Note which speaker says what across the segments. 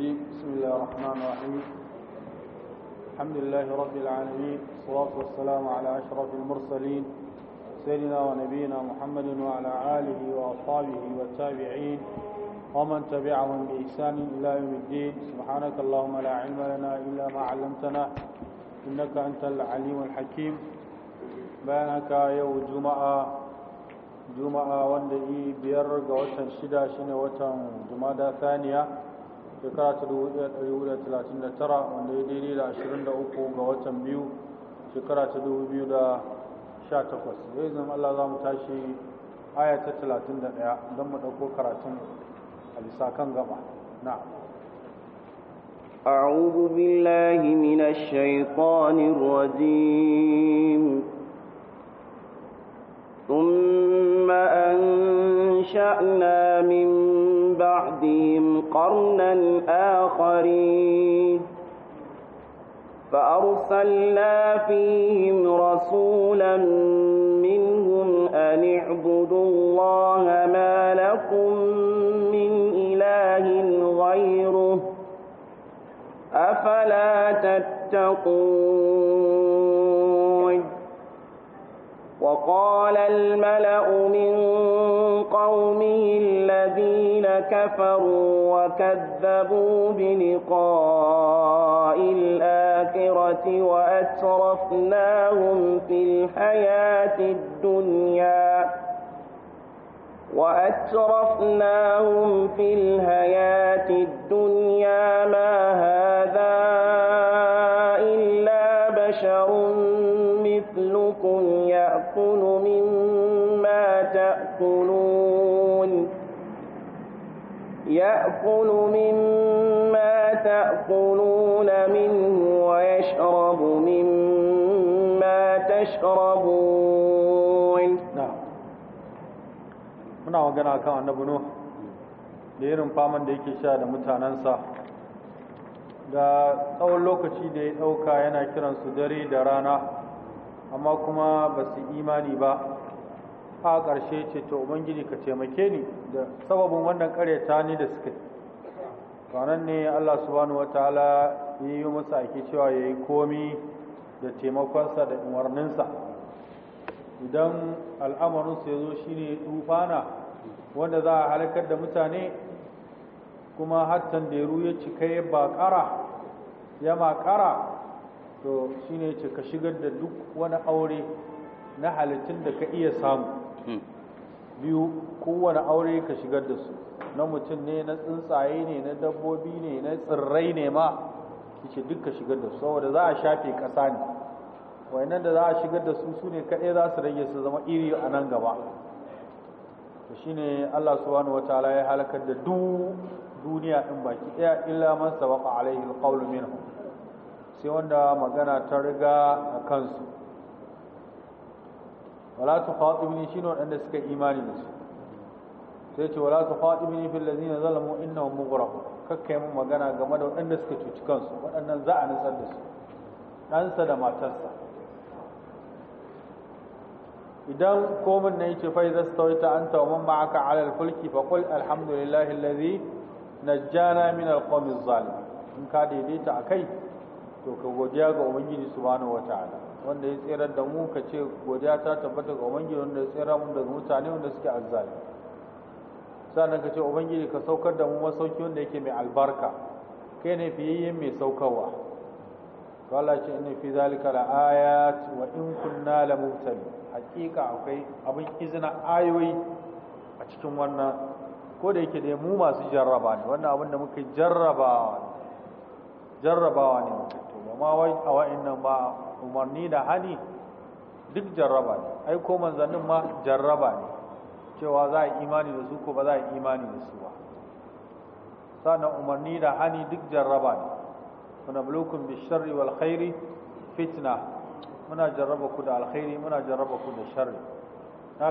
Speaker 1: الرجيم بسم الله الرحمن الرحيم الحمد لله رب العالمين والصلاة والسلام على أشرف المرسلين سيدنا ونبينا محمد وعلى آله وأصحابه والتابعين ومن تبعهم بإحسان إلى يوم الدين سبحانك اللهم لا علم لنا إلا ما علمتنا إنك أنت العليم الحكيم بينك يوم جمعة juma'a wanda yi biyar ga watan shida shine watan jumada saniya shekara ta tara, wanda ya daidai da ashirin da uku ga watan biyu shekara ta takwas ya zama Allah za mu tashi aya ta ɗaya don mu ɗauko karatun a bisa kan gaba na
Speaker 2: أعوذ بالله من الشيطان الرجيم ثم أنشأنا من قرنا الآخرين فأرسلنا فيهم رسولا منهم أن اعبدوا الله ما لكم من إله غيره أفلا تتقون وقال الملأ من قومه الذين كفروا وكذبوا بلقاء الآخرة وأترفناهم في الحياة الدنيا وأترفناهم في الحياة الدنيا ما هذا تأكلون يأكل مما تأكلون منه ويشرب مما تشربون نعم
Speaker 1: muna magana kan annabi Nuh da ديك شاد da yake sha da mutanensa da tsawon lokaci da ya ɗauka yana kiransu dare da rana amma kuma ba su imani ba a ƙarshe ce to ubangiji ka taimake ni da sababin wannan ta ni da suka kanan ne Allah subhanahu wataala ya yi musu ake cewa ya yi komi da taimakonsa da umarninsa idan al'amarinsa ya zo shine tufana wanda za a halakar da mutane kuma hattan da ya cika ya baƙara ya maƙara to shine ce ka shigar da duk wani aure na halittun da ka iya samu biyu kowane aure ka shigar da su na mutum ne na tsuntsaye ne na dabbobi ne na tsirrai ne ma shi duk ka shigar da su saboda za a shafe ƙasa ne wayannan da za a shigar da su su ne kaɗai za su rage su zama iri a nan gaba to ne Allah subhanahu wataala ya halakar da duk duniya din baki ɗaya illa man sabaqa alaihi alqawlu minhum sai wanda magana ta riga a kansu wala tukhatibni shine wanda suka imani da su sai ce wala tukhatibni fil ladina zalamu innahum mughraq kakkai mun magana game da wanda suka cuci kansu wadannan za a nutsar da su ɗansa da matarsa idan komin na yake fa idza stawaita anta wa man ma'aka 'ala al-fulki fa qul alhamdulillahi alladhi najjana min al-qawmi adh-dhalim in ka daidaita akai to ka godiya ga ubangiji subhanahu wata'ala wanda ya tsirar da mu ka ce godiya ta tabbata ga ubangiji wanda ya tsira mu daga mutane wanda suke azzali sannan ka ce ubangiji ka saukar da mu masauki wanda yake mai albarka kai ne fiyayye mai saukarwa to Allah ce inna fi zalika la ayat wa in kunna la mubtali hakika akwai abin izina ayoyi a cikin wannan ko da yake dai mu masu jarraba ne wannan abin da muka jarrabawa jarrabawa ne to ba ma wai a wa'annan ba umarni da hani duk jarraba ne ai ko manzannin ma jarraba ne cewa za a yi imani da su ko ba za a yi imani da su ba sannan umarni da hani duk jarraba ne muna bulukun bishari wal khairi fitna muna jarraba ku da alkhairi muna jarraba ku da sharri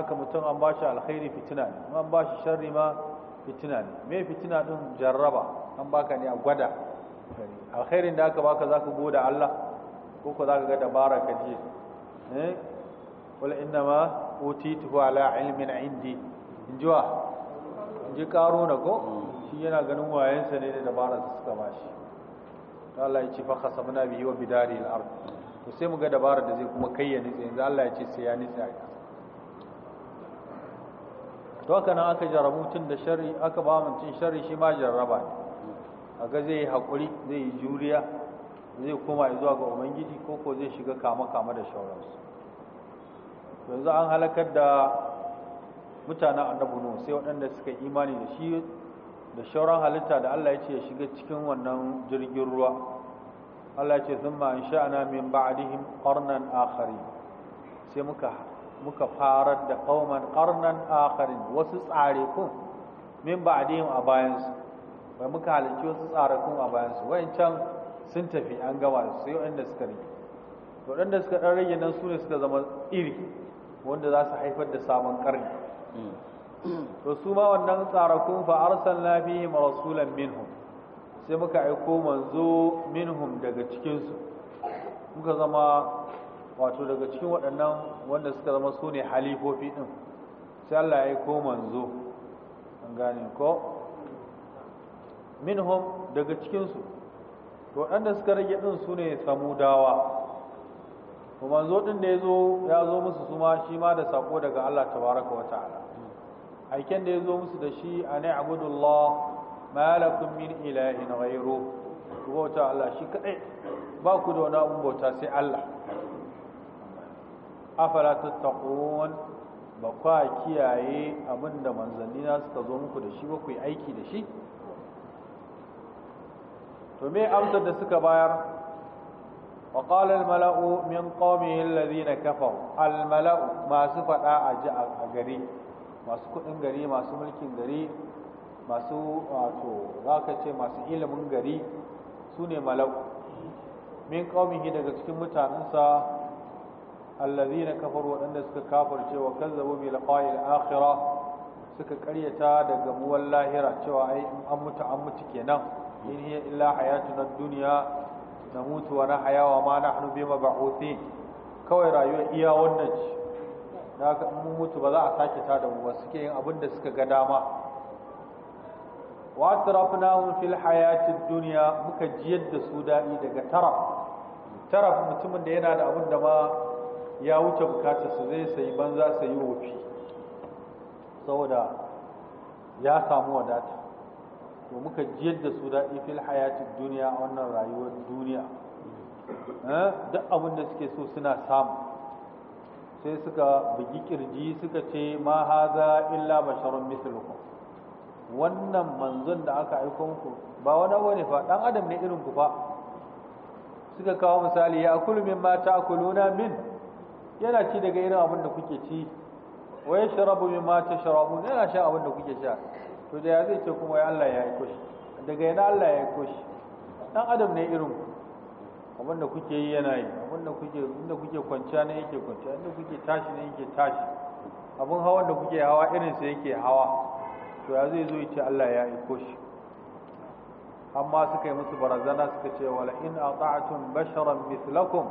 Speaker 1: ka mutum an bashi alkhairi fitina ne an bashi sharri ma fitina ne me fitina din jarraba an baka ne a gwada alkhairin da aka baka ka goda Allah ko ko zaka ga dabara ka ji eh wala inna ma utitu ala ilmin indi injuwa inji karo na ko shi yana ganin sa ne da su suka bashi Allah ya ce fa khasabna bihi wa bidari al-ard to sai mu ga dabarar da zai kuma kayyane sai yanzu Allah ya ce sai ya nitsa to haka nan aka jarabu tun da shari aka ba tun shari shi ma jarraba ne a ga zai yi haƙuri zai yi juriya zai koma zuwa ga ubangiji ko ko zai shiga kama kama da shauransu yanzu an halakar da mutanen annabi nuhu sai waɗanda suka imani da shi da shauran halitta da Allah ya ce ya shiga cikin wannan jirgin ruwa Allah ya ce sun in sha'ana min ba'adihim ƙarnan akharin sai muka muka farar da qauman ƙarnan akharin wasu tsare kun min ba'adihim a bayansu Wai muka halicci wasu tsare kun a bayansu can sun tafi an gama sai waɗanda suka rage waɗanda suka ɗan rage nan su ne suka zama iri wanda za su haifar da sabon ƙarni mm. to su ma wannan tsarakun fa arsalna fihim marasulan minhum sai muka aiko manzo minhum daga cikinsu muka zama wato daga cikin waɗannan wanda suka zama su ne halifofi ɗin sai Allah ya aiko manzo an gane ko minhum daga cikinsu to waɗanda suka rage ɗin su ne samudawa to manzo ɗin da ya zo ya zo musu su ma shi ma da sako daga Allah baraka wa ta'ala aiken da ya zo musu da shi a ne abudullah ma min ilahin wairo. ku bauta Allah shi kadai ba ku da wani bauta sai Allah afala tattaqun ba kwa kiyaye abinda manzanni na suka zo muku da shi ba ku yi aiki da shi to me amsar da suka bayar wa qala al mala'u min qawmihi alladhina kafaru al mala'u masu fada a ji a gari masu kudin gari masu mulkin gari masu wato zaka ce masu ilimin gari sune mala'u min qawmihi daga cikin mutanansa alladhina kafaru wadanda suka kafirce wa kazzabu bi liqa'il akhirah
Speaker 2: suka karyata daga muwallahira cewa ai an mutu an mutu kenan na mutuwa na hayawa ma na hannu وما ba hoti.
Speaker 1: kawai rayuwa iya wannan ci. Na mun mutu ba za a sake tada mu ba suke yin abin da suka ga dama wa atrafnahum fil hayatid duniya muka jiyar da su daɗi daga taraf taraf mutumin da yana da abin da ma ya wuce bukatar su zai sayi banza sayi wofi saboda ya samu wadata to muka jiyar da su daɗi fil hayatin duniya a wannan rayuwar duniya eh, duk abin da suke so suna samu sai suka bugi kirji suka ce ma haza illa basharun mislukum wannan manzon da aka aiko muku ba wani abu fa dan adam ne irin ku fa suka kawo misali ya akulu min ma ta'kuluna min yana ci daga irin abin da kuke ci wa yashrabu min ma tashrabun yana sha abin da kuke sha to da ya zai ce kuma ya Allah ya aiko shi daga yana Allah ya aiko shi dan adam ne irin abin da kuke yi yana yi abin da kuke inda kuke kwanciya ne yake kwanciya inda kuke tashi ne yake tashi abin hawan da kuke hawa irin sa yake hawa to ya zai zo ya ce Allah ya aiko shi amma suka yi musu barazana suka ce wala in ata'tum basharan mithlakum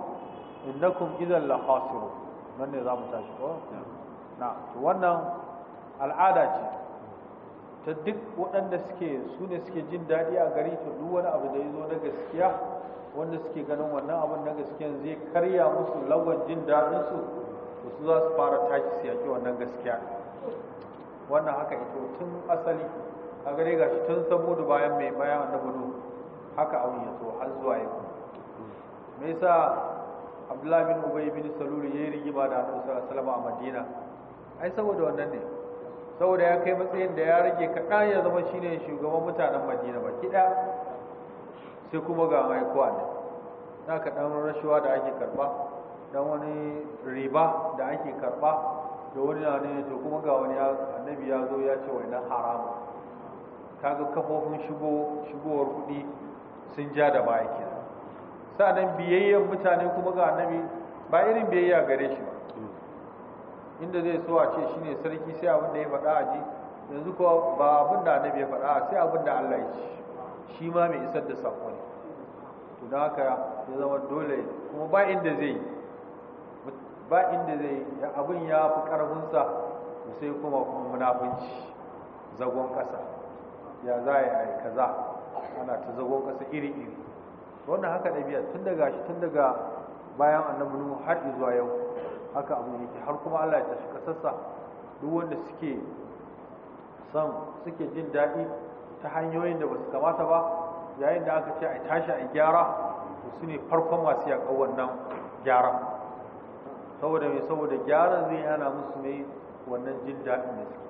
Speaker 1: innakum idan la khasirun nan ne za mu tashi ko na to wannan al'ada ce ta duk waɗanda suke su ne suke jin daɗi a gari to duk wani abu da ya zo na gaskiya wanda suke ganin wannan abin na gaskiya zai karya musu lagon jin daɗinsu to su za su fara tashi su yaƙi wannan gaskiya wannan haka ito tun asali a gare ga shi tun mudu bayan mai bayan wanda gudu. haka abin ya zo har zuwa yau me yasa abdullahi bin ubay bin salul yayi rigima da annabi sallallahu alaihi wasallam a madina ai saboda wannan ne saboda ya kai matsayin da ya rage kaɗan ya zama shine shugaban mutanen madina ba kiɗa sai kuma ga kuwa ne za ka ɗan rashuwa da ake karɓa dan wani riba da ake karɓa da wani na ne to kuma ga wani annabi ya zo ya ce wannan haramu kaga kafofin shigo shigowar kuɗi sun ja da baya kenan sa'annan biyayyen mutane kuma ga annabi ba irin biyayya gare shi ba inda zai so a ce shi ne sarki sai abin da ya faɗa a ji yanzu kuwa ba abin da annabi ya faɗa sai abin da Allah ya ci shi ma mai isar da saƙo ne to don haka ya zama dole kuma ba inda zai ba inda zai abin ya fi ƙarfinsa sai kuma kuma munafunci zagon ƙasa ya za a yi kaza ana ta zagon ƙasa iri-iri wannan haka ɗabi'a tun daga shi tun daga bayan annabi nuhu har zuwa yau haka abu ke har kuma Allah ya tashi kasarsa duk wanda suke son suke jin daɗi ta hanyoyin da ba su kamata ba yayin da aka ce a tashi a gyara da su ne farkon masu yaƙa wannan gyaran saboda mai saboda gyaran zai hana musu ne wannan jin daɗin da suke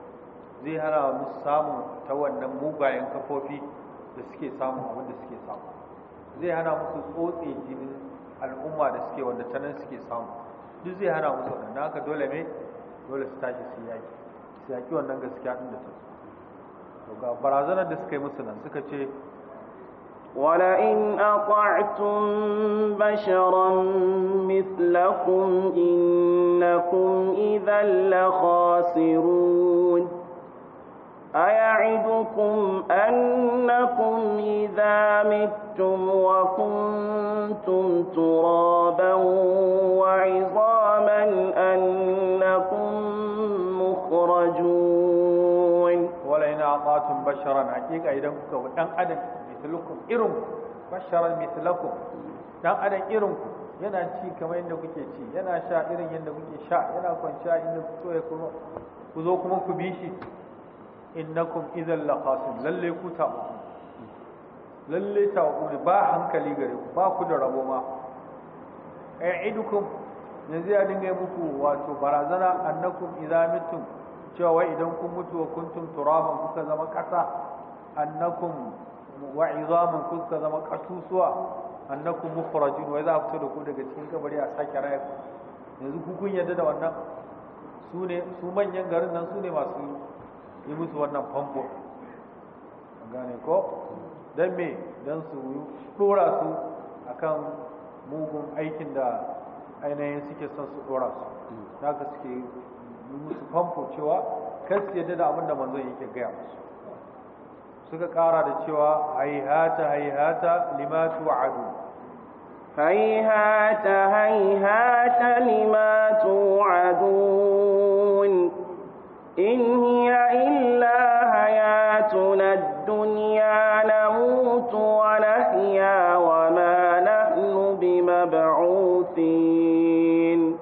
Speaker 1: zai hana musu samun ta wannan mugayen kafofi da suke samu abin da suke samu zai hana musu tsotse jinin al'umma da suke wanda ta nan suke samu duk zai hana musu wadanda don haka dole ne dole su tashi su yaki su yaki wannan
Speaker 2: gaskiya din da ta to ga barazanar da suka yi musu nan suka ce ولئن أطعتم بشرا مثلكم إنكم إذا لخاسرون أيعدكم أنكم إذا ميتم وكنتم ترابا وعظاما أنكم مخرجون ولئن أعطاكم بشرا حقيقة إذا كنتم أن أدن مثلكم
Speaker 1: إرم بشرا مثلكم أن أدن إرم yana ci kamar yadda kuke ci yana sha irin yadda kuke sha yana kwanciya inda kuke so ya kuma ku zo kuma ku bi shi innakum idan laqasin lalle ku ta lalle ta ba hankali gare ku ba ku da rabo ma idukum yanzu ya dinga muku wato barazana annakum idan mutum cewa idan kun mutu wa kuntum turaban kuka zama kasa annakum wa izaman kuka zama kasusuwa annakum mukhrajun wai za a ku daga cikin kabari a sake raya yanzu ku kun yadda da wannan su ne su manyan garin nan su ne masu yi musu wannan famfo gane ko don me don su dora su akan mugun aikin da ainihin suke son su dora su mm. ka suke yi musu famfo cewa kar su yadda da abinda da manzon yake gaya musu suka kara da cewa haihata
Speaker 2: haihata lima tu'adu haihata haihata lima tu'adun إن هي إلا حياتنا الدنيا نموت ونحيا وما نحن بمبعوثين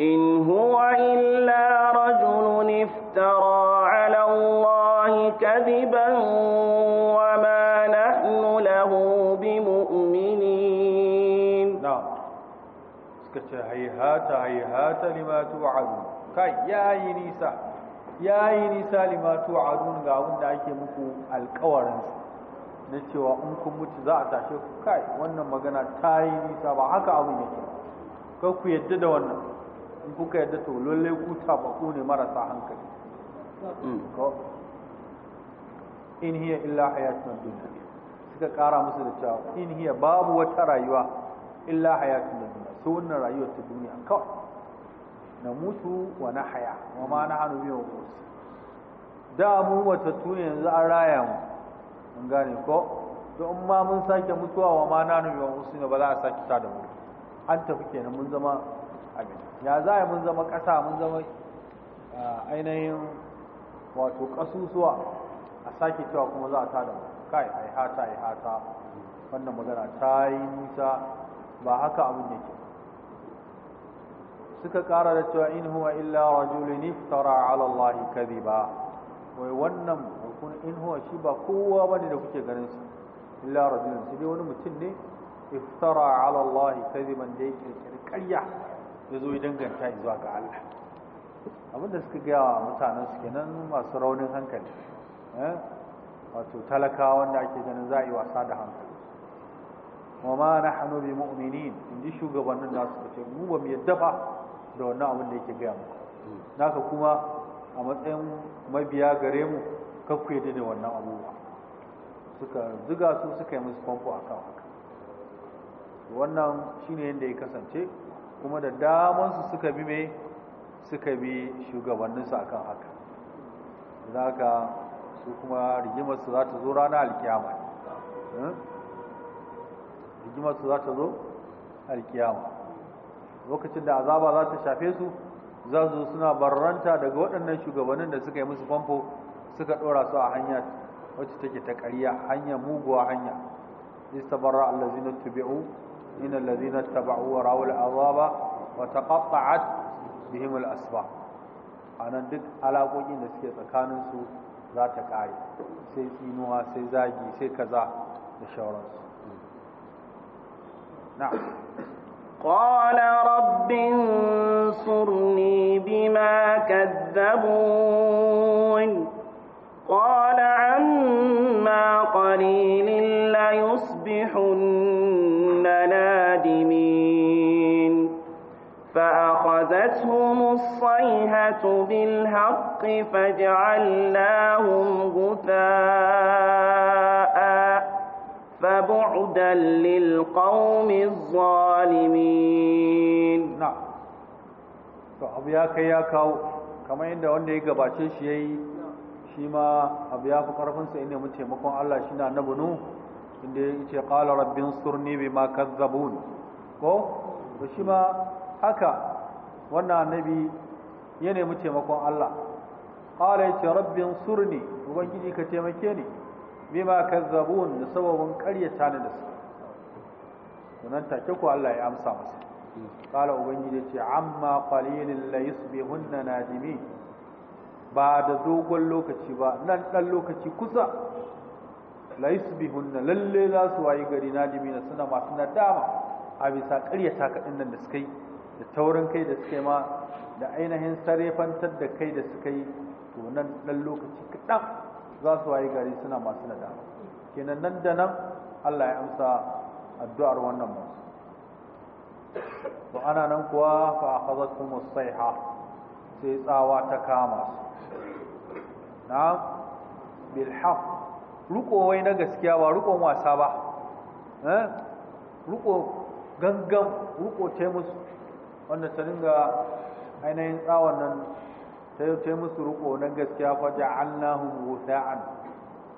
Speaker 2: إن هو إلا رجل افترى على الله كذبا وما نحن له بمؤمنين نعم
Speaker 1: هيهات هيهات لما توعدون kai ya yi ya yi nisa limatu a adun ga wanda ake muku su. na cewa in kun mutu za a tashe ku kai wannan magana ta yi nisa ba haka abu yake kai ku yadda da wannan in kuka yadda to lalle ku tabaku ne marasa hankali mm. in hiya illa hayatun dunya suka kara musu da cewa in hiya babu wata rayuwa illa hayatun dunya su wannan rayuwar ta duniya kawai na mutu wa na haya wa ma na hannu biyu musu da mu matattu ne yanzu an raya mu mun gane ko don ma mun sake mutuwa wa ma na hannu biyu musu ba za a sake ta da mu an tafi kenan mun zama abin ya za a mun zama ƙasa mun zama ainihin wato ƙasusuwa a sake cewa kuma za a ta da mu kai ai hata ai hata wannan magana ta yi nisa ba haka abin yake suka kara da cewa in huwa illa rajulun iftara ala Allah kadhiba wai wannan hukun in huwa shi ba kowa bane da kuke ganin shi illa rajulun shi dai wani mutum ne iftara ala Allah kadhiban da yake ya zo ya danganta zuwa ga Allah abinda suka gaya wa mutanen su kenan masu raunin hankali eh? wato talaka wanda ake ganin za a yi wasa da hankali wa ma hannu bi mu'minin ji shugabannin da suka ce mu ba mu yadda ba da wannan abin da yake gaya muku hmm. naka kuma a matsayin mabiya gare mu kakku yadda da wannan abubuwa suka ziga su suka yi musu famfo a kan haka wannan shine yadda ya kasance kuma da damansu suka bi mai suka bi shugabanninsu a kan haka za ka su kuma rigimarsu za ta zo rana alkiyama hmm? rigimarsu za ta zo alkiyama lokacin da azaba za ta shafe su za su suna barranta daga waɗannan shugabannin da suka yi musu famfo suka ɗora su a hanya wacce take ta ƙarya hanya muguwa hanya istabarra allazina tubi'u min allazina taba'u wa rawul azaba wa taqatta'at bihim al-asba anan duk alaƙoƙin da suke tsakanin su za ta ƙare sai tsinuwa sai zagi sai kaza da
Speaker 2: shauransu na'am قال رب انصرني بما كذبون قال عما قليل ليصبحن نادمين فأخذتهم الصيحة بالحق فجعلناهم غثاء فبعدا للقوم الظالمين
Speaker 1: نعم to abu ya kai ya kawo kamar yadda wanda ya gabace shi yayi shi ma abu ya fi ƙarfinsa sa inda mu taimakon Allah shi na annabi nu inda yace qala rabbin surni bima kazzabun ko to shi ma haka wannan annabi ya nemi taimakon Allah qala ce rabbin surni ubangiji ka taimake ni bima kazzabun da sababin ta ni da su nan take ko Allah ya amsa masa qala ubangiji ce amma qalilin la yusbihunna nadimi ba da dogon lokaci ba nan dan lokaci kusa la yusbihunna lalle za su wayi gari nadimi na suna masu nadama a bisa ta kaɗin nan da suka yi da taurin kai da suka yi ma da ainihin sarefantar da kai da suka yi to nan dan lokaci kaɗan za su waye gari suna masu nada. kenan nan da nan Allah ya amsa addu'ar wannan ba. to ana nan kuwa fa akhadhatkum as-sayha sai tsawa ta kama su na bil haqq ruko wai na gaskiya ba rukon wasa ba eh ruko gangan ruko ce musu wanda ta dinga ainihin tsawon nan sai ta musu ruko na gaskiya fa ja'alnahum wusa'an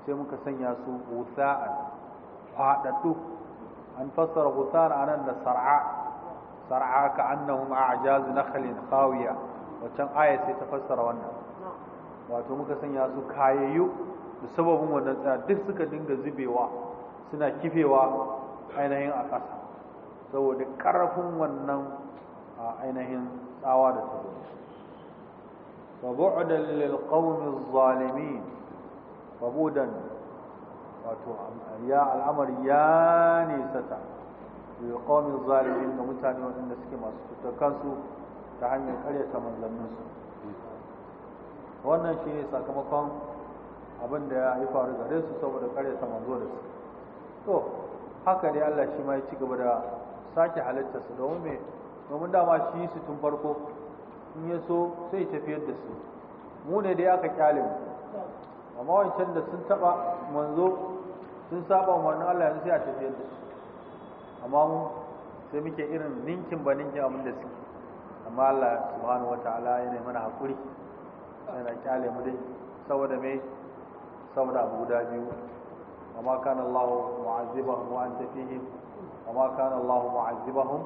Speaker 1: sai muka sanya su wusa'an fadaddu an fassara wusa'an anan da sar'a sar'a ka annahum a'jaz nakhlin khawiya wacan aya sai ta fassara wannan wato muka sanya su kayayyu da sababin wannan tsaya duk suka dinga zubewa suna kifewa ainihin a ƙasa saboda ƙarfin wannan ainihin tsawa da ta وبعدا للقوم الظالمين وبودا wato ya al'amari ya nisata bil qawmi zalimin da mutane waɗanda suke masu cutar kansu ta hanyar ƙaryata manzanninsu wannan shi ne sakamakon abin da ya faru gare su saboda ƙaryata manzo da su to haka ne Allah shi ma ya ci gaba da sake halittarsu domin domin dama shi su tun farko in ya so sai tafiyar da su mu ne dai aka kyale mu amma wancan da sun taba manzo sun saba umarnin Allah yanzu sai a tafiyar da su amma mu sai muke irin ninkin ba ninkin abin da suke amma Allah subhanahu wataala yana mana hakuri yana kyale mu dai saboda me saboda abu guda biyu amma kana Allah mu'azzibahum wa anta fihim amma kana Allah mu'azzibahum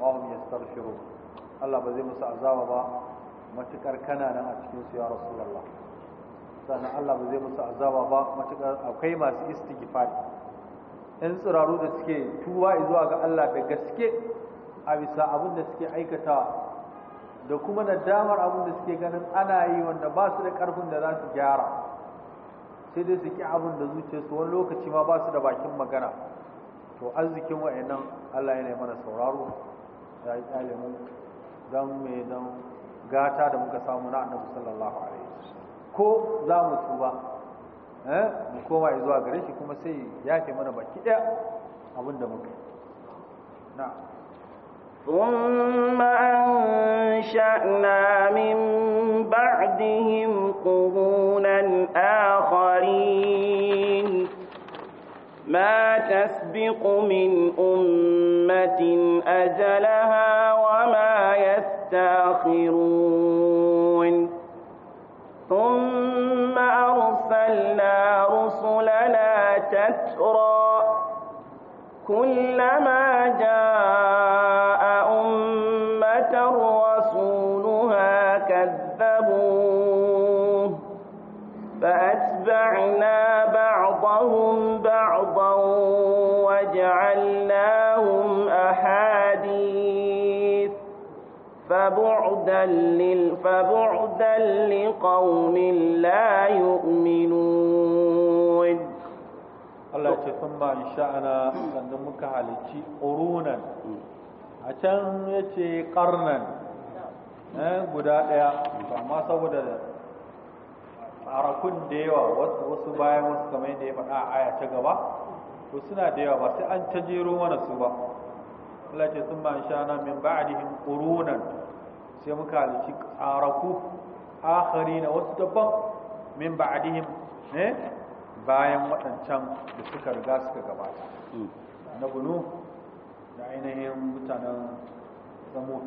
Speaker 1: wa hum yastaghfirun Allah ba zai musu azaba ba matukar kana nan a cikin su ya rasulullah sannan Allah ba zai musu azaba ba matukar akwai masu istighfar in tsiraru da suke tuwa zuwa ga Allah da gaske a bisa abin da suke aikata da kuma nadamar abin da suke ganin ana yi wanda ba su da karfin da za su gyara sai dai su ki abin da zuciyarsu wani lokaci ma ba su da bakin magana to arzikin wa'annan Allah ya mana sauraro ya yi mu don me don gata da muka samu na annabi sallallahu alaihi ko za mu tuba eh mu koma zuwa gare shi kuma sai ya ke mana baki daya
Speaker 2: abin da muka yi na ثم أنشأنا من بعدهم قرونا آخرين ما تسبق من أمة أجلها وما يستاخرون ثم أرسلنا رسلنا تترى كلما جاء فبعدا لل فبعدا لقوم لا يؤمنون الله ثم انشأنا
Speaker 1: sannan muka halicci qurunan a can yace qarnan eh, guda daya amma saboda arakun da yawa wasu bayan wasu kamar yadda ya faɗa a aya ta gaba to suna da yawa ba sai an ta jero mana su ba Allah ce sun ma sha na min ba'dihim qurunan sai muka halici araku akhari na wasu dabban min ba'dihim eh bayan waɗancan da suka riga suka gabata hmm. na bunu da ainihin mutanen samut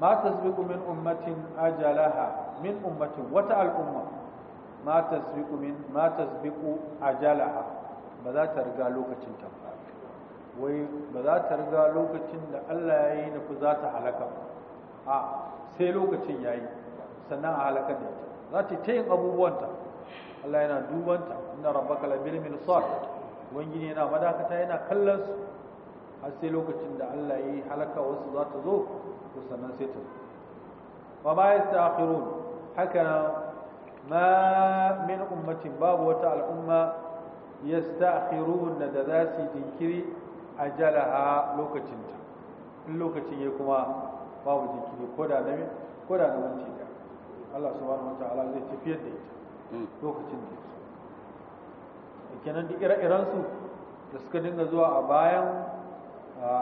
Speaker 1: ma tasbiqu min ummatin ajalaha min ummatin wata al'umma ma tasbiqu min ma tasbiqu ajalaha ba za ta riga lokacin ta wai ba za ta riga lokacin da Allah ya yi nufi za ta halaka a sai lokacin ya yi sannan a halakar da ita za ta ta yin abubuwanta Allah yana dubanta inda rabbaka la bil mirsad wangine yana madakata yana kallon su har sai lokacin da Allah ya yi halaka wasu za ta zo to sannan sai ta wa ma yastakhirun haka ma min ummatin babu wata al'umma yastakhirun da za su jinkiri ajalaha lokacinta in lokacin ya kuma babu jinkiri ko da na ko da na wanci da Allah subhanahu wataala zai tafiyar da ita mm. lokacin da ya da kenan duk ire-iren da suka dinga zuwa a bayan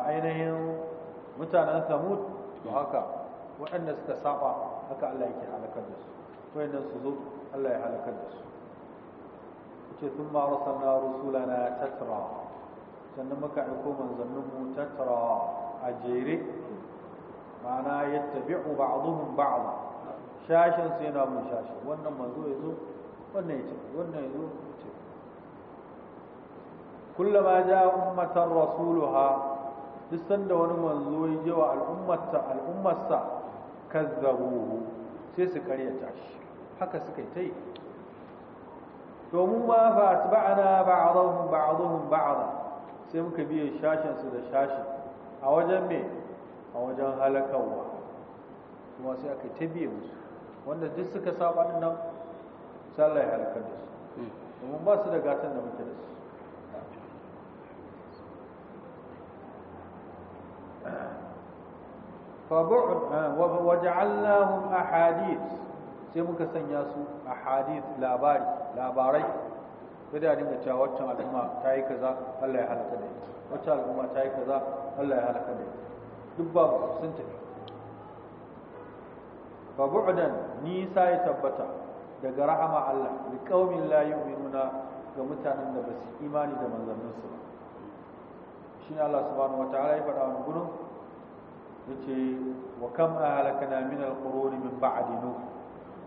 Speaker 1: ainihin mutanen Samud to haka waɗanda suka saba haka Allah yake halakar da su wayannan su zo Allah ya halakar da su sun yace na rusula na tattara sannan muka aiko manzanninmu tattara a jere ma'ana ya tabi'u ba'aduhum ba'ada shashin su yana mun shashi wannan manzo ya zo wannan ya ce wannan ya zo ce kullama ja ummatan rasuluha duk sanda wani manzo ya je wa al'ummarsa al'ummarsa kazzabuhu sai su karya tashi, haka suka yi ta yi domin ma fa atba'ana ba'dahum ba'dahum ba'da sai muka biye shashinsu da shashi a wajen me a wajen halakawa. kuma sai aka ta biye musu wanda duk suka saba din nan sai ya halakar da su domin ba su da gatan da muke da su a أحاديث eh, sai muka sanya su a hadith labari labarai sai a dinga cewa waccan al'umma ta yi kaza Allah ya halaka da ita waccan al'umma ta yi kaza Allah ya halaka da ita duk babu sun tafi fa bu'dan nisa ya tabbata daga rahama Allah li qaumin la yu'minuna ga mutanen da ba su imani da manzannin su shine Allah subhanahu wataala ya faɗa wani gurin yace wa kam ahlakana min al-quruni min ba'di nuh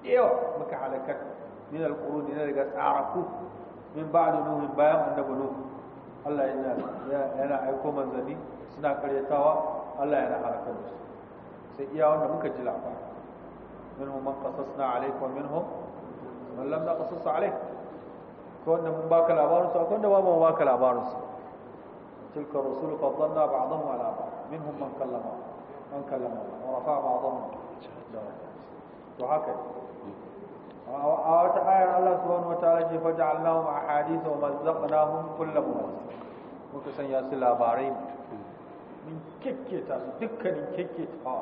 Speaker 1: yawa muka halakar min al-quruni na daga tsaraku min ba ba'da nuhin bayan annabi nuhu. Allah yana yana aiko manzanni suna karyatawa Allah yana halakar da su sai iya wanda muka ji labari minhum man qasasna alayka wa minhum man lam naqasas alayk ko wanda mun baka labarin su akwai wanda ba mu baka labarin su tilka rusul faddalna ba'dahum ala ba'd minhum man kallama man kallama wa rafa'a ba'dahum to haka a wata ayar Allah subhanahu Allah ma a hadisa wa mazzaqnahum kull munath muka sanya su labarai min kekketa su dukkanin kekketa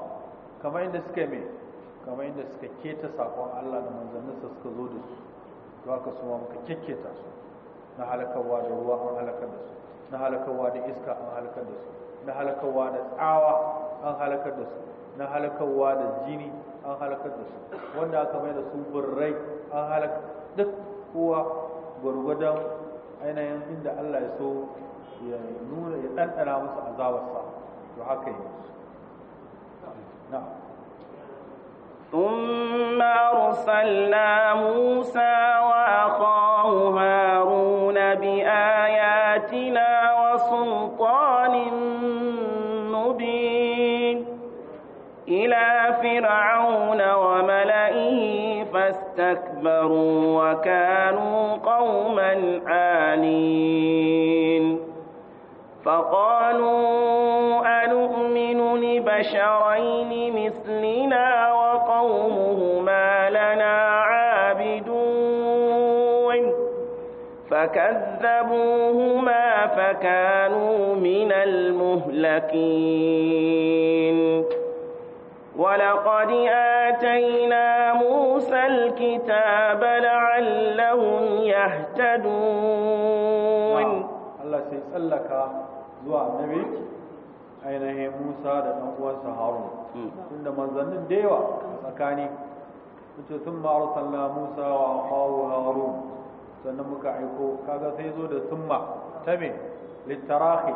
Speaker 1: kamar inda suka mai kamar inda suka keta sakon Allah da manzanninsa suka zo da su zuwa ka suma ma muka kekketa su na halakarwa da ruwa an halakar da su na halakarwa da iska an halakar da su na halakarwa da tsawa an halakar da su na halakarwa da jini an halakar da su wanda aka mai da su burrai an halakar duk kowa gwargwadon ainihin inda Allah ya so ya nuna ya ɗanɗana musu to haka yi
Speaker 2: na ثم أرسلنا موسى فرعون وملئه فاستكبروا وكانوا قوما عالين فقالوا أنؤمن لبشرين مثلنا وقومهما لنا عابدون فكذبوهما فكانوا من المهلكين ولقد آتينا موسى الكتاب لعلهم يهتدون
Speaker 1: الله سيسألك زوا النبي ainihin Musa da ɗan uwansa Harun inda manzannin da yawa tsakani yace sun ma'arsalna Musa wa qawu Harun sannan muka aiko kaga sai zo da summa ta me littarahi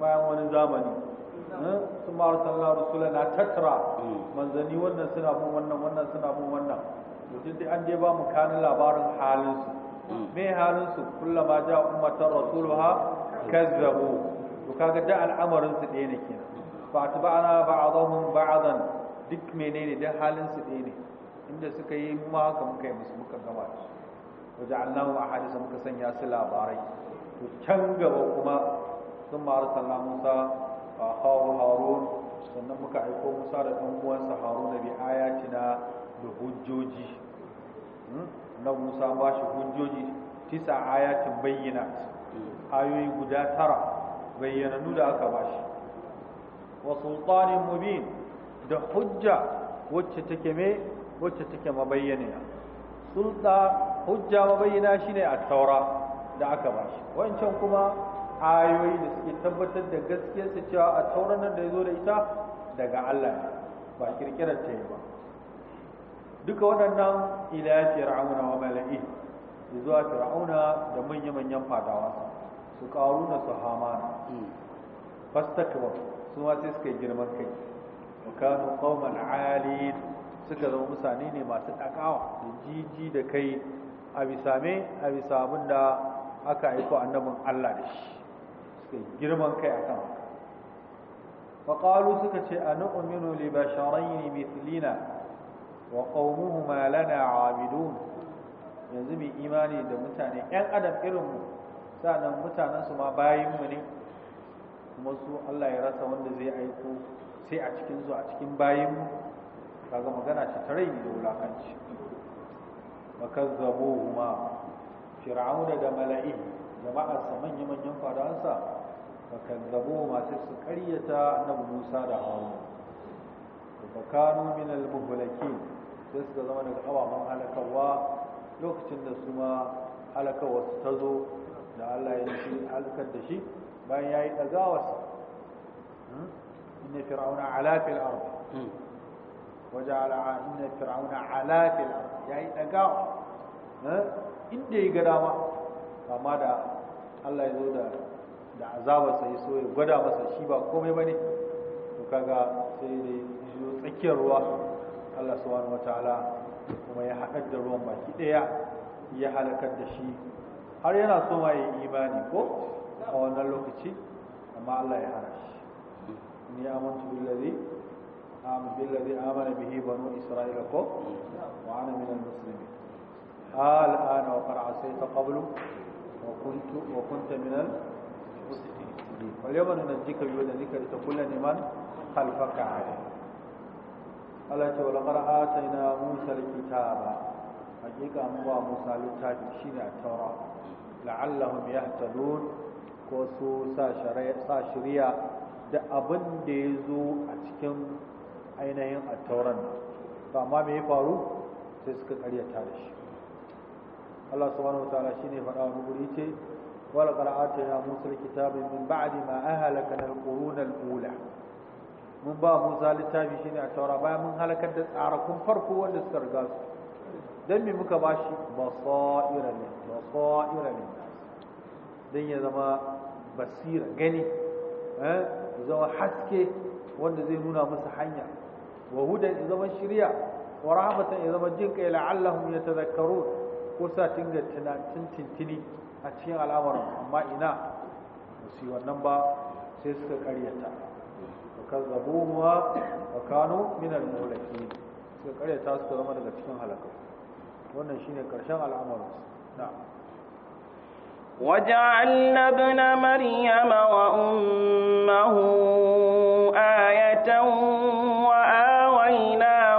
Speaker 1: bayan wani zamani Eh? Sun ثم أرسلنا na tattara. Hmm. manzanni wannan suna bin wannan wannan suna bin wannan mutum sai an je ba mu kanin labarin halin su hmm. me halin su kullama ja ummatar ha kazzabu to kaga da al'amarin su ɗaya ne a fa atba'na ba'dahum ba'dan duk menene da halin su ɗaya ne inda suka yi ma haka muka yi musu muka allahu waja'alnahu hadisa muka sanya su labarai to can gaba kuma sun ma arsalna Musa akahu harun sannan muka aiko musa da ɗan uwansa haruna bi ayatina da hujjoji hmm? nan musa ba shi hujjoji tisa ayatin bayyana ayoyi guda tara bayyananu da aka ba shi wa sultanin mubin da hujja wacce take me wacce take mabayyana sulta hujja mabayyana shine a taura da aka ba shi wancan kuma ayoyi da suke tabbatar da gaskiyarsa cewa a tauran da ya zo da ita daga Allah ba kirkirar ta yi ba duka waɗannan ila ra'auna wa mala'i zuwa fir'auna da manya-manyan fadawa su ƙaru na su hama su fastakwa su ma sai suka yi girman kai da kanu qauman alin suka zama mutane ne masu takawa da jiji da kai a bisa me a bisa abin da aka aiko annabin Allah da shi girman kai akan haka qalu suka ce a nu'minu li basharayni mithlina wa qawmuhuma lana aabidun yanzu mai imani da mutane ƴan adam irin mu sanan mutanen su ma bayin mu ne kuma su Allah ya rasa wanda zai aiko sai a cikin zu a cikin bayin mu kaga magana ce ta ni da wulakanci wa kazzabuhuma fir'auna da mala'i sa manya-manyan fadansa fakazzabu masu su karyata na musa da hawa fakanu min al-muhlakin sai suka zama daga ababen halakawa lokacin da su ma halakawa su ta zo da Allah ya shi halakar da shi bayan ya yi fir'auna وجعل إن فرعون علا في الأرض يعني تقاوى إن دي قدامة فما الله يزود da azabarsa ya so ya gwada masa shi ba komai ba ne to kaga sai da zo tsakiyar ruwa Allah subhanahu wataala kuma ya haɗar da ruwan baki ɗaya ya halakar da shi har yana so ma yi imani ko a wannan lokaci amma Allah ya hana shi ni amantu billazi amin billazi amana bihi banu isra'ila ko wa ana min al-muslimin hal ana wa qara'a asayta qablu wa kuntu wa kunta min al التقدير واليوم ننجيك ببدنك لتكون لمن خلفك عليه Allah ce wa laqad atayna Musa al hakika mun ba Musa littafi shine at-Taura la'allahum yahtadun ko su sa shari'a sa shari'a da abin da yazo a cikin ainihin at-Tauran to amma me ya faru sai suka karyata da shi Allah subhanahu wa ta'ala shine faɗa wa guri ce ولقد آتينا موسى الكتاب من بعد ما أهلكنا القرون الأولى mun ba Musa littafi shine a taura bayan mun halakar da kun farko wanda suka riga su dan me muka ba shi basaira ne basaira ne dan ya zama basira gani eh ya haske wanda zai nuna musu hanya wa hudan ya zama shiriya wa rahmatan ya zama jinka la'allahum yatadhakkarun ko sa tinga tunatin tintini a cikin al'amarin amma ina musu wannan ba sai suka karyata wa kazzabuha wa kanu Kano al-muhlakin suka karyata suka zama daga cikin halaka
Speaker 2: wannan shi ne karshen al'amarin wa وجعلنا ابن مريم وأمه آية وآويناه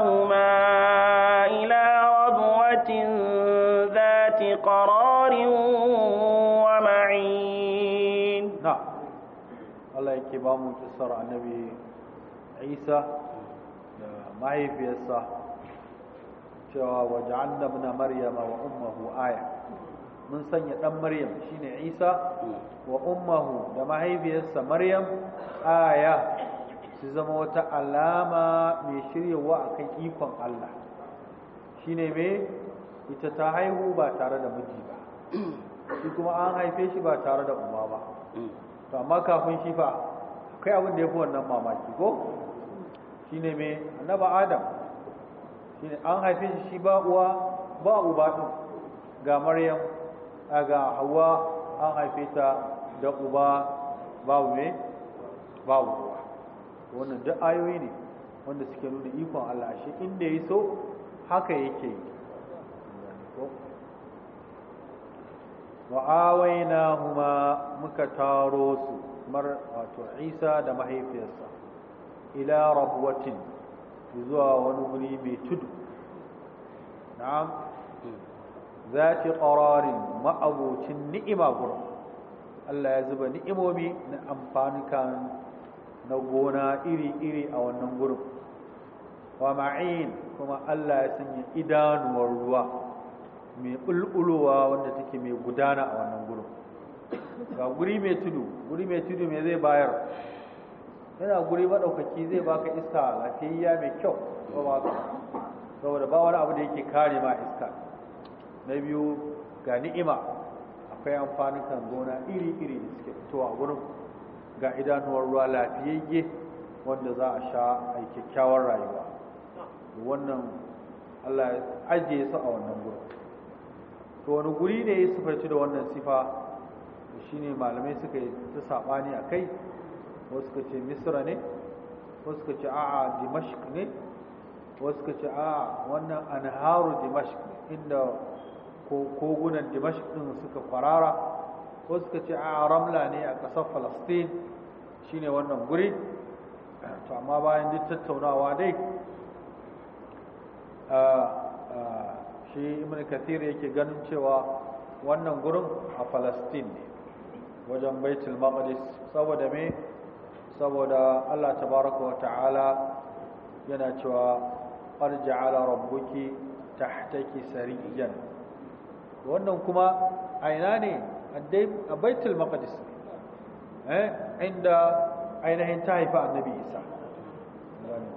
Speaker 1: ba mu kisar annabi isa da mahaifiyarsa cewa waje annabna maryama wa ummahu aya mun sanya ɗan maryam shine isa wa ummahu da mahaifiyarsa maryam aya su zama wata alama mai shiryawa a kan ikon allah shine mai ita ta haihu ba tare da miji ba shi kuma an haife shi ba tare da uba ba to amma kafin shi fa akwai abin da ya fi wannan mamaki ko shi ne mai annaba adam shi ne an haife shi ba uwa ba uba ɗin ga maryam a ga hawa an haife ta da uba babu mai babu uwa wannan duk ayoyi ne wanda suke nuna ikon Allah shi inda ya so haka yake yi wa'awainahuma muka taro su kamar wato isa da mahaifiyarsa ila rahwatin zuwa wani wuri mai tudu na'am zati qararin ma'abocin ni'ima gurin Allah ya zuba ni'imomi na amfanikan na gona iri-iri a wannan gurin wa ma'in kuma Allah ya sanya idanuwar ruwa mai bulbulowa wanda take mai gudana a wannan gurin ga guri mai tudu guri mai tudu mai zai bayar yana guri maɗaukaki zai baka iska lafiyayya mai kyau saboda ba wani abu da yake kare ma iska na biyu ga ni'ima akwai amfanin kan gona iri-iri da suke fitowa a gurin ga idanuwar ruwa lafiyayye wanda za a sha a yi kyakkyawar rayuwa wannan Allah ajiye su a wannan gurin to wani guri ne ya sufarci da wannan sifa ne malamai suka yi ta a kai? wasu ka ce misra ne wasu ka ce a'a dimashik ne wasu ka ce a'a wannan anharu dimashik inda kogunan dimashik ɗin suka kwarara wasu ka ce a'a ramla ne a ƙasar falastin ne wannan guri to amma bayan duk tattaunawa dai shi ibn kathir yake ganin cewa wannan gurin a falastin ne wajen baitul maqdis saboda me saboda Allah tabaraka wa ta'ala yana cewa arja'ala rabbuki tahtaki sariyan wannan kuma aina ne a baitul maqdis eh inda ainihin ta haifa annabi isa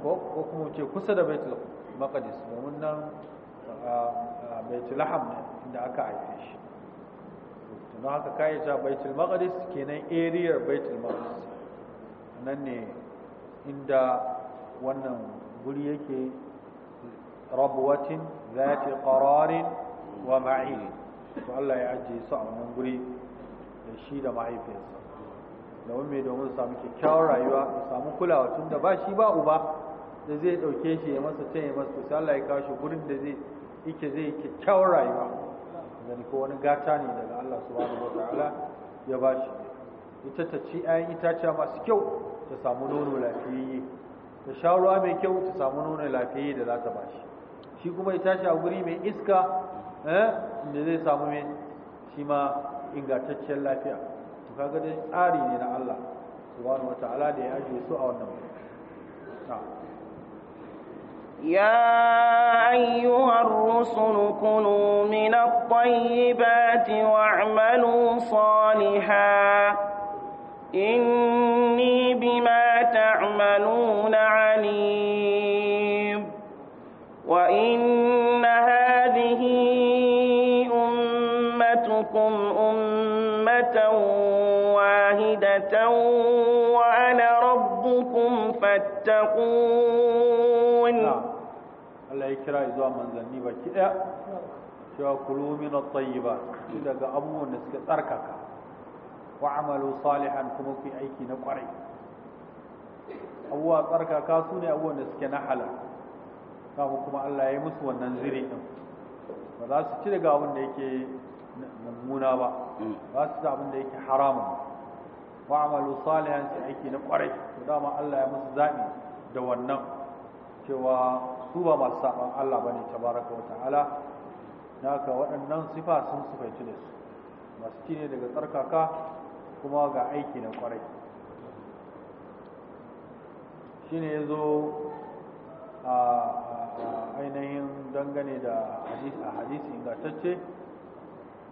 Speaker 1: ko kuma ce kusa da baitul maqdis domin nan baitul laham inda aka haife shi don haka kai ja baitul maqdis kenan area baitul maqdis nan ne inda wannan guri yake rabwatin zati qararin wa ma'in to Allah ya ajiye su a wannan guri da shi da mahaifinsa domin mai domin samu kyakkyawar rayuwa samu kulawa tun da ba shi ba uba da zai ɗauke shi ya masa ta ya masa sai Allah ya kawo shi gurin da zai yake zai kyakkyawar rayuwa gani ko wani gata ne daga Allah subhanahu wataala ya ba shi ita ta ci ayan itaciya masu kyau ta samu nono lafiyayye ta sha ruwa mai kyau ta samu nono lafiyayye da za ta ba shi shi kuma itaciya guri mai iska eh, da zai samu mai shi ma ingantacciyar lafiya to kaga dai tsari ne na Allah subhanahu wataala da ya ajiye su a wannan na'am
Speaker 2: يا أيها الرسل كنوا من الطيبات واعملوا صالحا إني بما تعملون عليم وإن هذه أمتكم أمة واحدة وأنا ربكم فاتقون نعم.
Speaker 1: ya kira zuwa manzanni baki daya cewa kulu min at-tayyibat daga abubuwan da suka tsarkaka wa amalu salihan kuma ku aiki na kwarai abubuwa tsarkaka su ne abubuwan da suke na halal kafin kuma Allah ya yi musu wannan ziri. din ba za su ci daga abin da yake mummuna ba ba su ci abin da yake harama, wa amalu salihan su aiki na kwarai dama Allah ya musu zabi da wannan cewa su ba masu saɓan Allah ba ne, tabaraka wa ta'ala naka waɗannan sifa sun sifaitu da su masu ne daga tsarkaka kuma ga aiki na kwarai shine ya zo a ainihin dangane da hadisi ingantacce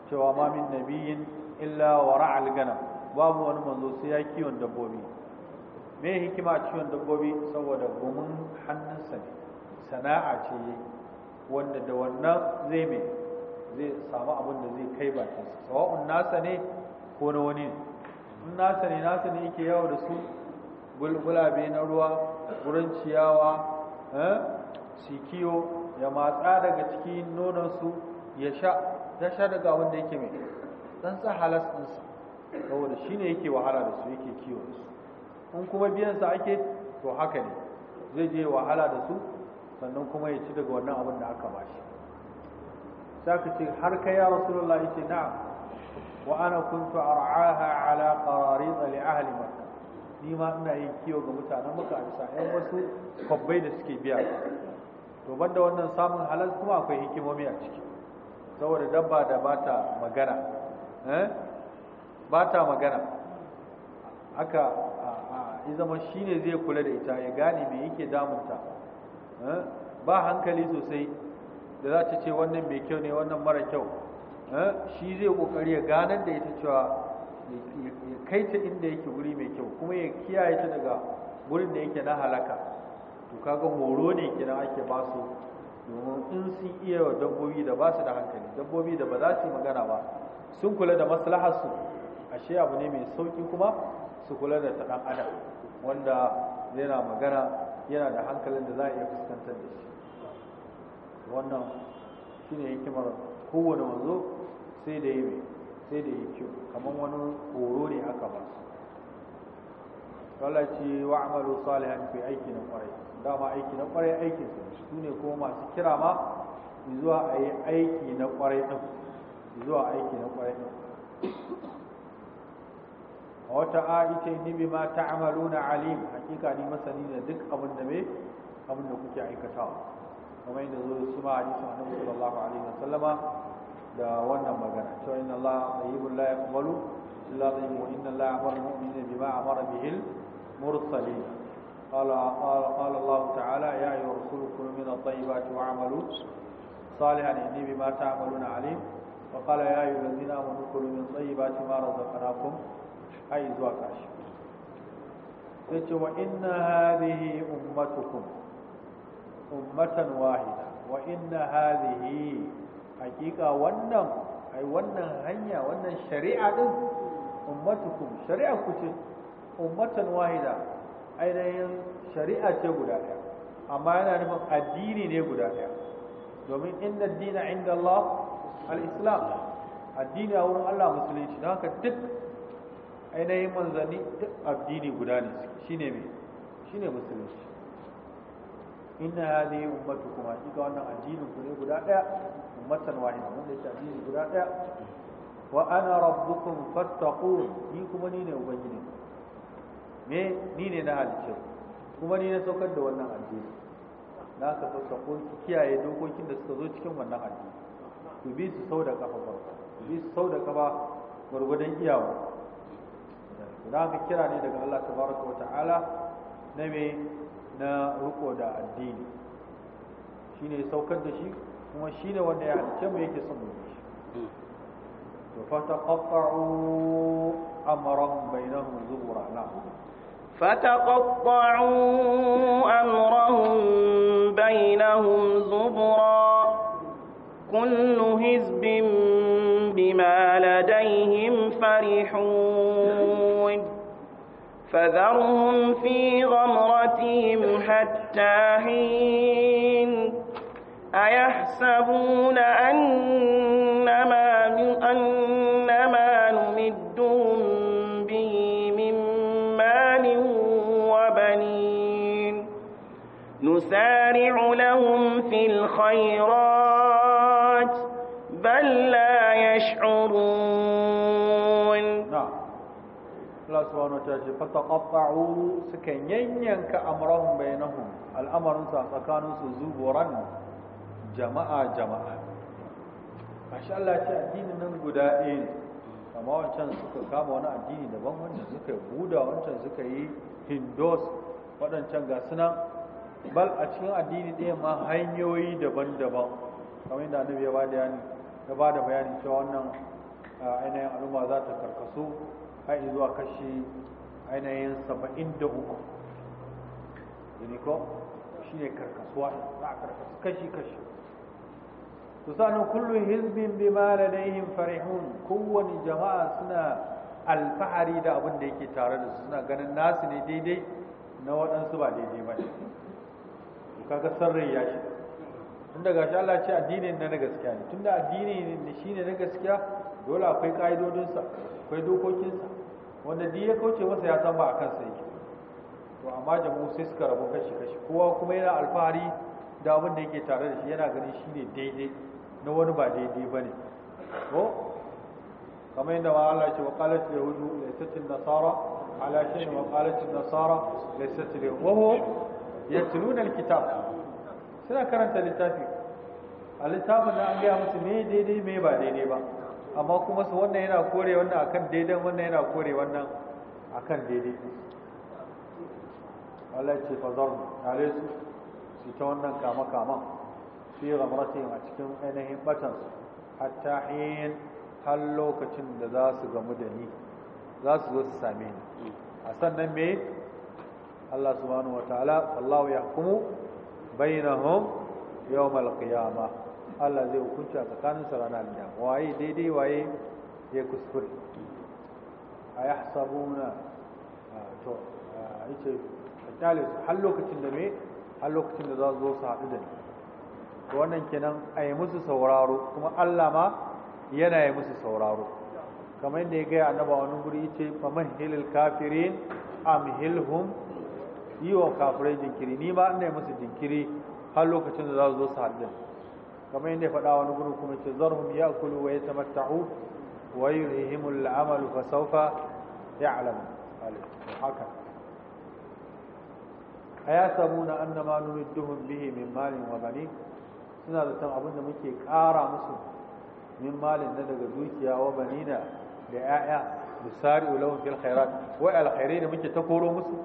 Speaker 1: cewa ma nabiyin illa wa ra'al gana babu wani manzo sai ya kiwon dabbobi me hikima ciwon dabbobi saboda gumin hannunsa ne sana'a ce wanda da wannan zai mai zai samu abin da zai kai bakinsa sawa'un nasa ne ko na wani in nasa ne nasa ne yake yawo da su gulabe na ruwa wurin ciyawa eh, sikiyo ya matsa daga cikin nonansu ya sha ya sha daga wanda yake mai ɗansa halas ɗinsa saboda shi ne yake wahala da su yake kiwo in kuma biyansa ake to haka ne zai je wahala da su sannan kuma ya ci daga wannan abin da aka ba sai ka ce har kai ya rasulullah ce na'am wa ana kuntu ar'aha ala qararid li ahli makka ni ma ina yin kiyo ga mutanen makka a bisa ɗan wasu kwabbai da suke biya to banda wannan samun halal kuma akwai hikimomi a ciki saboda dabba da bata magana eh bata magana aka ya zama shi ne zai kula da ita ya gane me yake damunta eh? ba hankali sosai da za ta ce wannan mai kyau ne wannan mara kyau eh? shi zai kokari ya ganar da ita cewa ya kai ta inda yake wuri mai kyau kuma ya kiyaye ta daga wurin da yake na halaka to kaga horo ne kenan ake ba su domin in sun iya wa dabbobi da ba su da hankali dabbobi da ba za su yi magana ba sun kula da maslaharsu ashe abu ne mai sauki kuma su kula da ta ɗan adam wanda yana magana yana da hankalin da za a iya fuskantar da shi wannan shi ne hikimar kowane wanzu sai da yi sai da yi kyau kamar wani horo ne aka ba su Allah wa amalu salihan fi aiki na kwarai dama aiki na kwarai aikin su su ne kuma masu kira ma zuwa a yi aiki na kwarai din zuwa aiki na kwarai din a wata aita ni bima ta'maluna alim hakika ni masani da duk abin da me abin da kuke aikatawa kamar yadda zo su ma hadisin Annabi sallallahu alaihi wasallama da wannan magana cewa inna Allah tayyibun la yaqbalu illa tayyibun inna Allah amara al-mu'minina bima amara bihi al-mursalin قال قال قال الله تعالى يا ايها الرسول كلوا من الطيبات واعملوا صالحا اني بما تعملون عليم وقال يا ايها الذين امنوا كلوا من طيبات ما رزقناكم ai zuwa kashi sai ce wa inna hadhihi ummatukum ummatan wahida wa inna hadhihi hakika wannan ai wannan hanya wannan shari'a din ummatukum shari'a ku ce ummatan wahida ainihin shari'a ce guda ɗaya amma yana nufin addini ne guda ɗaya domin inna dina inda Allah al-islam addini a wurin Allah musulunci don haka duk ainihin manzanni duk addini guda ne shine me shine musulunci inna hadhihi ummatukum ga wannan addinin ku ne guda daya ummatan wahida wanda yake addini guda daya wa ana rabbukum fattaqun ni kuma ni ne ubangiji me ni ne na halicce kuma ni na saukar da wannan addini na ka fattaqun ki kiyaye dokokin da suka zo cikin wannan addini ku bi su sau da kafa ku bi su sau da kafa gurgudan iyawa da haka kira ne daga Allah tabaraka wa ta'ala na me na riko da addini shine saukar da shi kuma shine wanda ya halice mu yake son mu shi to fa taqatta'u
Speaker 2: amran bainahum zubura na فتقطعوا أمرهم بينهم زبرا كل حزب بما لديهم فرحون فذرهم في غمرتهم حتى حين أيحسبون أنما, أنما نمدهم به من مال وبنين نسارع لهم في الخيرات بل لا يشعرون نعم.
Speaker 1: Allah subhanahu wa ta'ala ce fataqatta'u suka yanyanka amrahum bainahum al'amarin sa tsakanin su zuburan jama'a jama'a masha Allah ce addinin nan guda ɗaya kamar wancan suka kama wani addini daban wancan suka yi buda wancan suka yi hindus waɗancan ga suna bal a cikin addini ɗaya ma hanyoyi daban-daban kamar yadda annabi ya ba da bayani cewa wannan ainihin al'umma za ta karkasu har zuwa kashi ainihin saba'in da uku yani ko shi ne karkasuwa za a karkasu kashi-kashi su sanin kullum hizbin bi ma yin farihun kowane jama'a suna alfahari da abin da yake tare da su suna ganin nasu ne daidai na waɗansu ba daidai ba ne kaga sarrai ya shi tun daga shi Allah ce addinin na na gaskiya ne tun da addini ne shi ne na gaskiya dole akwai ka'idodinsa akwai dokokinsa wanda duk ya kauce masa ya san ba a kansa yake to amma jamu sai suka rabu kashi kashi kowa kuma yana alfahari da abin da yake tare da shi yana ganin shi ne daidai na wani ba daidai ba ne ko kamar yadda ma Allah ce wa qalat yahudu laysat an-nasara ala shay'in wa qalat an-nasara laysat al-yahudu wa hum yatluna al-kitab suna karanta littafi a littafin da an gaya musu me daidai me ba daidai ba amma kuma su wannan yana kore wannan akan daidan wannan yana kore wannan akan daidai Allah ce fa zarmu tare su su ta wannan kama kama fi ghamratihim a cikin ainihin batan su hatta hin har lokacin da za su gamu da ni za su zo su same ni a sannan me Allah subhanahu wataala wallahu yahkumu bainahum yawmal qiyamah Allah zai hukunci a tsakanin sa ranar da waye daidai waye ya kuskure a ya na to a talis har lokacin da me har lokacin da za su zo su haɗu da ni wannan kenan a yi musu sauraro kuma Allah ma yana yi musu sauraro kamar yadda ya gaya annaba wani guri yace famahilil kafirin amhilhum yi wa kafirai jinkiri ni ma an yi musu jinkiri har lokacin da za su zo su haɗu da ni kamar yadda faɗa wani guru kuma ce zarhum kulu wa ya yatamatta'u wa yulhihimu al'amalu fa sawfa ya'lamu haka nama nuna duhun bihi min malin wa banin suna da san abin da muke ƙara musu min malin na daga dukiya wa banina da 'ya'ya tsari ulawun fil khairat wai alkhairai da muke ta koro musu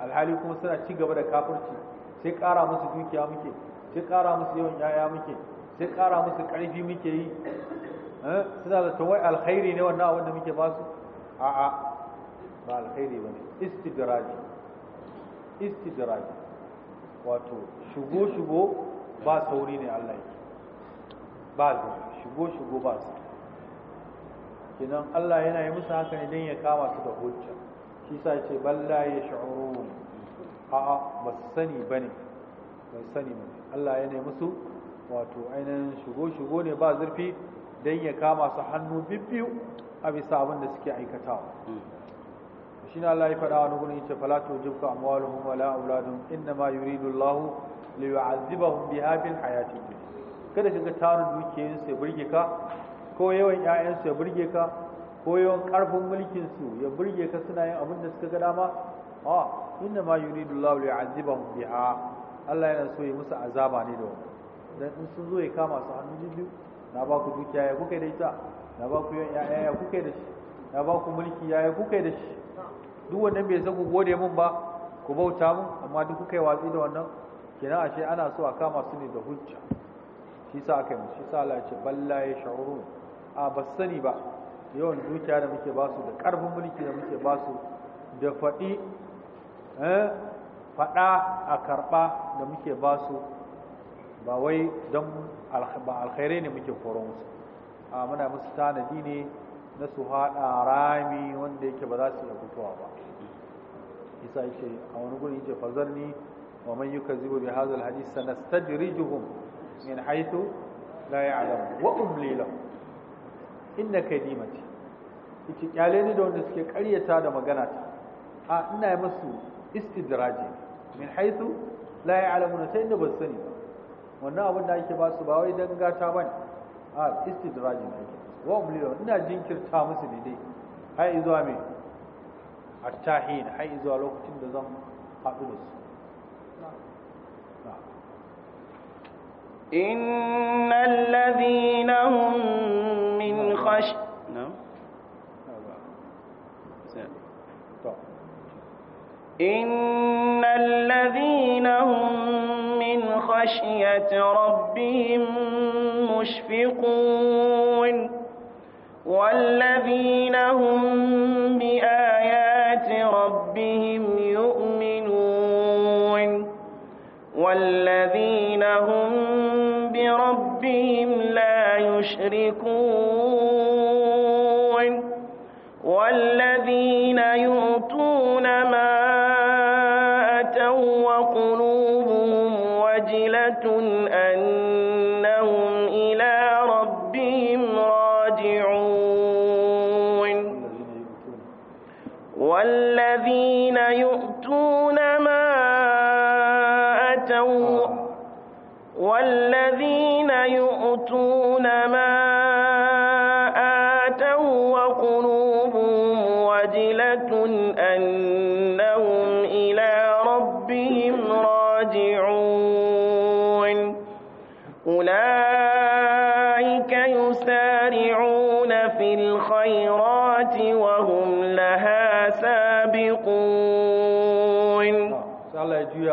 Speaker 1: alhali kuma suna ci gaba da kafirci sai ƙara musu dukiya muke sai ƙara musu yawan yaya muke sai kara musu karfi muke yi eh, suna da tawai alkhairi ne wannan abin da muke ba su a ba alkhairi ba ne istidraji istidraji wato shigo shigo ba sauri ne Allah yake ba su, shigo shigo ba su kinan Allah yana yi musu haka ne don ya kama su da hujja shi sa ce balla ya a a'a ba su sani ba ne ba su sani ba Allah yana yi musu wato ainihin shigo-shigo ne ba zurfi don ya kama su hannu bibbiyu a bisa abin da suke aikatawa hmm. shi na Allah ya faɗa wani gurin falatu jibka amwalu hun wala auladum inna ma yuridu Allah azziba hun biha fil hayati kada shiga tarin dukiyoyin su ya burge ka ko yawan ƴaƴan su ya burge ka ko yawan ƙarfin mulkin su ya burge ka suna yin abin da suka ga dama a inna ma yuridu Allah li yu'adhibahum biha Allah yana so ya musu azaba ne da wannan dan in sun zo ya kama su hannu jillu na ba ku dukiya ya kuka da ita na ba ku yan yaya ya kuka da shi na ba ku mulki yaya kuka da shi duk wannan bai san ku gode mun ba ku bauta mun amma duk kuka yi watsi da wannan kenan ashe ana so a kama su ne da hujja shi sa aka yi mu shi sa Allah ya ce balla ya shauru a ba sani ba yawan dukiya da muke ba su da karfin mulki da muke ba su da faɗi eh, faɗa a karɓa da muke ba su. ba wai don ba alkhairai ne muke koron su a muna musu tanadi ne na su haɗa rami wanda yake ba za su yi fitowa ba isa yake a wani gurin yake ni wa man yukazzibu bi hadha alhadith juhun min haythu la ya'lam wa umli lahum kai dimati yake kyale ni da wanda suke karyata da magana ta a ina yi musu istidiraji min haythu la ya'lamuna ta inda ba sani wannan abin da ake ba su ba wai don gata ne a istidrajin ake wa umliyo ina jinkirta musu ne dai har zuwa me attahin har zuwa lokacin da zan haɗu da su
Speaker 2: إن الذين هم من خش إن خشية ربهم مشفقون والذين هم بآيات ربهم يؤمنون والذين هم بربهم لا يشركون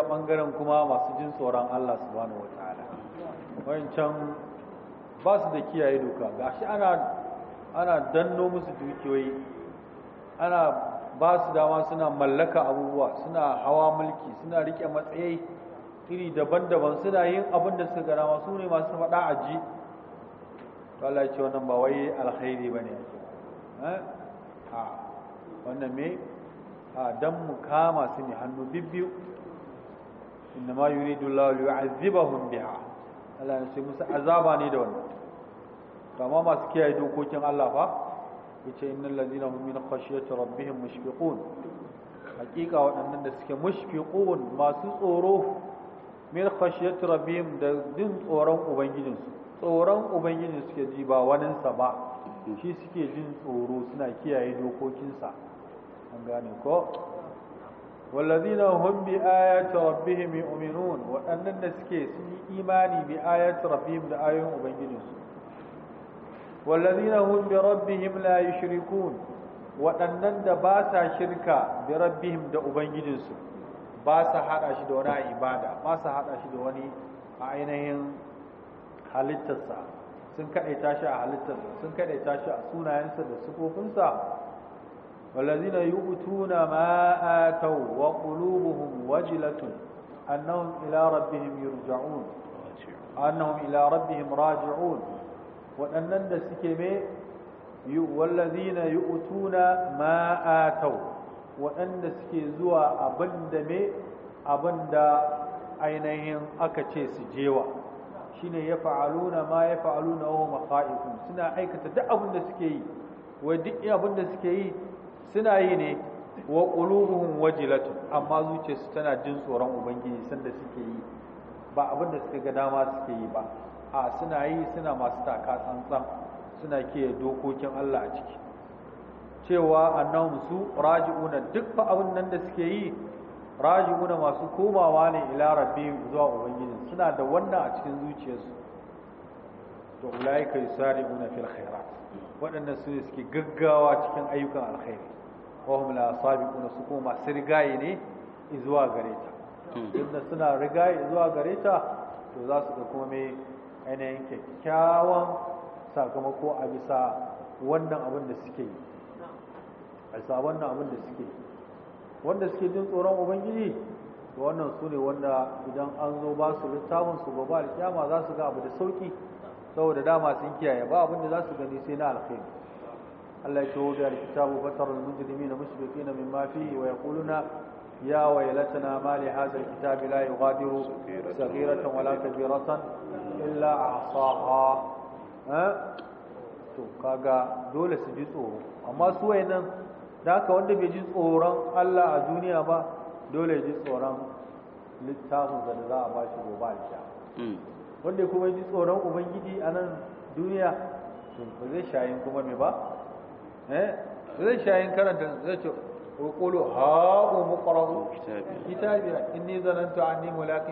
Speaker 2: ta ɓangaren
Speaker 1: kuma masu jin tsoron Allah subhanahu wataala wancan ba su da kiyaye doka ga shi ana danno musu dukiyoyi ana ba su dama suna mallaka abubuwa suna hawa mulki suna rike matsayi iri daban-daban suna yin abin da suka gana masu ne masu faɗa a ji to Allah ce wannan ba wai alkhairi ba ne eh? a wannan me a don mu kama su ne hannu bibbiyu inna ma yuridu Allah li yu'azzibahum biha Allah ya sai musu azaba ne da wannan to amma masu kiyaye dokokin Allah fa yace innal ladina hum min khashyati rabbihim mushfiqun hakika waɗannan da suke mushfiqun masu tsoro min khashyati rabbihim da jin tsoron ubangijinsu tsoron ubangijin suke ji ba sa ba shi suke jin tsoro suna kiyaye dokokinsa an gane ko wallazina hum bi ayati rabbihim yu'minun waɗannan da suke sun yi imani bi ayati rabbihim da ayoyin ubangijinsu wallazina hum bi rabbihim la yushrikun waɗannan da ba sa shirka bi rabbihim da ubangijinsu ba sa hada shi da wani ibada ba sa hada shi da wani a ainihin halittarsa sun kaɗaita shi a halittarsa sun kaɗaita shi a sunayensa da sufofinsa والذين يؤتون ما آتوا وقلوبهم وجلة أنهم إلى ربهم يرجعون أنهم إلى ربهم راجعون وأنن دسكمي والذين يؤتون ما آتوا وأن دسكزوا أبندمي أبند ainihin aka ce su jewa shine ya fa'aluna ma ya fa'aluna wa maqa'ifun suna aikata duk abin da suke yi wa duk abin da suke yi suna yi ne wa waje latin amma zuciyarsu tana jin tsoron ubangiji sanda suke yi ba abin da suka ga dama suke yi ba a suna yi suna masu taka tsantsan suna ke dokokin Allah a ciki cewa annahum su raji'una duk ba abin nan da suke yi raji'una masu komawa ne ila rabbi zuwa ubangiji suna da wannan a cikin zuciyarsu to ulaika yusari'una fil khairat waɗannan su ne suke gaggawa cikin ayyukan alkhairi wa hum la sabiquna su kuma masu rigaye ne zuwa gare ta hmm. inda suna rigaye zuwa gare ta to za su ga kuma kyakkyawan sakamako a bisa wannan abin da suke yi a bisa wannan abin da suke yi wanda suke jin tsoron ubangiji to wannan su ne wanda idan an zo ba su littafin su ba ba alkiyama za su ga abu da sauki saboda dama sun kiyaye ba abin da za su gani sai na alkhairi Allah ya ce wuce alkitabu fatarul mujrimina mushfiqina mimma fihi wa yaquluna ya waylatana ma li hadha alkitabi la yughadiru saghiratan wala kabiratan illa ahsaha ha to kaga dole su ji tsoro amma su wayannan da haka wanda bai ji tsoron Allah a duniya ba dole ya ji tsoron littafinsa da za a ba shi gobe alkiya hmm. wanda kuma ya ji tsoron ubangiji a nan duniya to ba zai shayin kuma me ba Eh? zai shayin karanta zai ce وقولوا هاؤم اقرأوا كتابي ba zai ji ملاك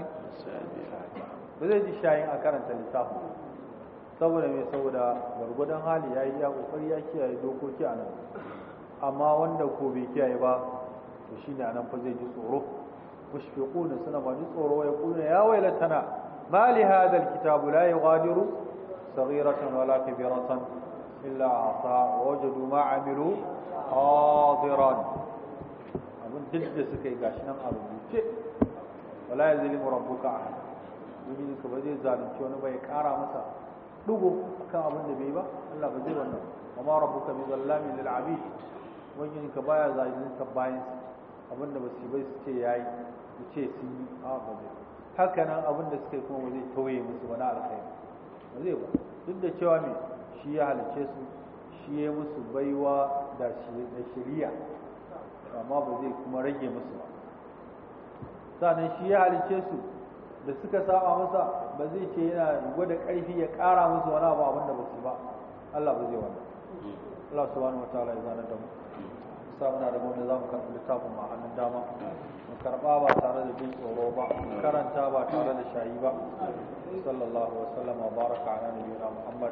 Speaker 1: بدأت a karanta لتاهم saboda mai saboda gargudan hali ya yi ya kokari ya kiyaye dokoki a nan amma wanda ko bai kiyaye ba to a nan fa zai ji tsoro mushfiquna suna ba ji tsoro ya kuna ya wailata na mali hadha kitabu la yughadiru saghiratan wala kabiratan illa عطاء wajadu ma عملوا hadiran Abun duk da suka yi gashi nan a ce. wala ya rabbuka ka ahad wani ka ba zai zalunci wani bai kara masa dugo kan abin da bai ba Allah ba zai wannan amma rabu ka bi zallami lil abid wajen ka baya zalunci ka bayan abin da basu su bai su ce yayi su ce sun yi a ba haka nan abin da suka yi kuma ba zai tauye musu wani alkhairi ba zai ba duk da cewa me shi ya halice su shi ya musu baiwa da shiriya amma ba zai kuma rage musu ba sannan shi ya halice su da suka saba masa ba zai ce yana gwada ƙarfi ya ƙara musu wani abu abinda ba su ba Allah ba zai wani Allah wani wata ya zana da mu samuna da gwamnati za mu karɓi littafin ma hannun dama mu karɓa ba tare da jin tsoro ba karanta ba tare da shayi ba sallallahu wa sallama baraka ala nabiyyina muhammad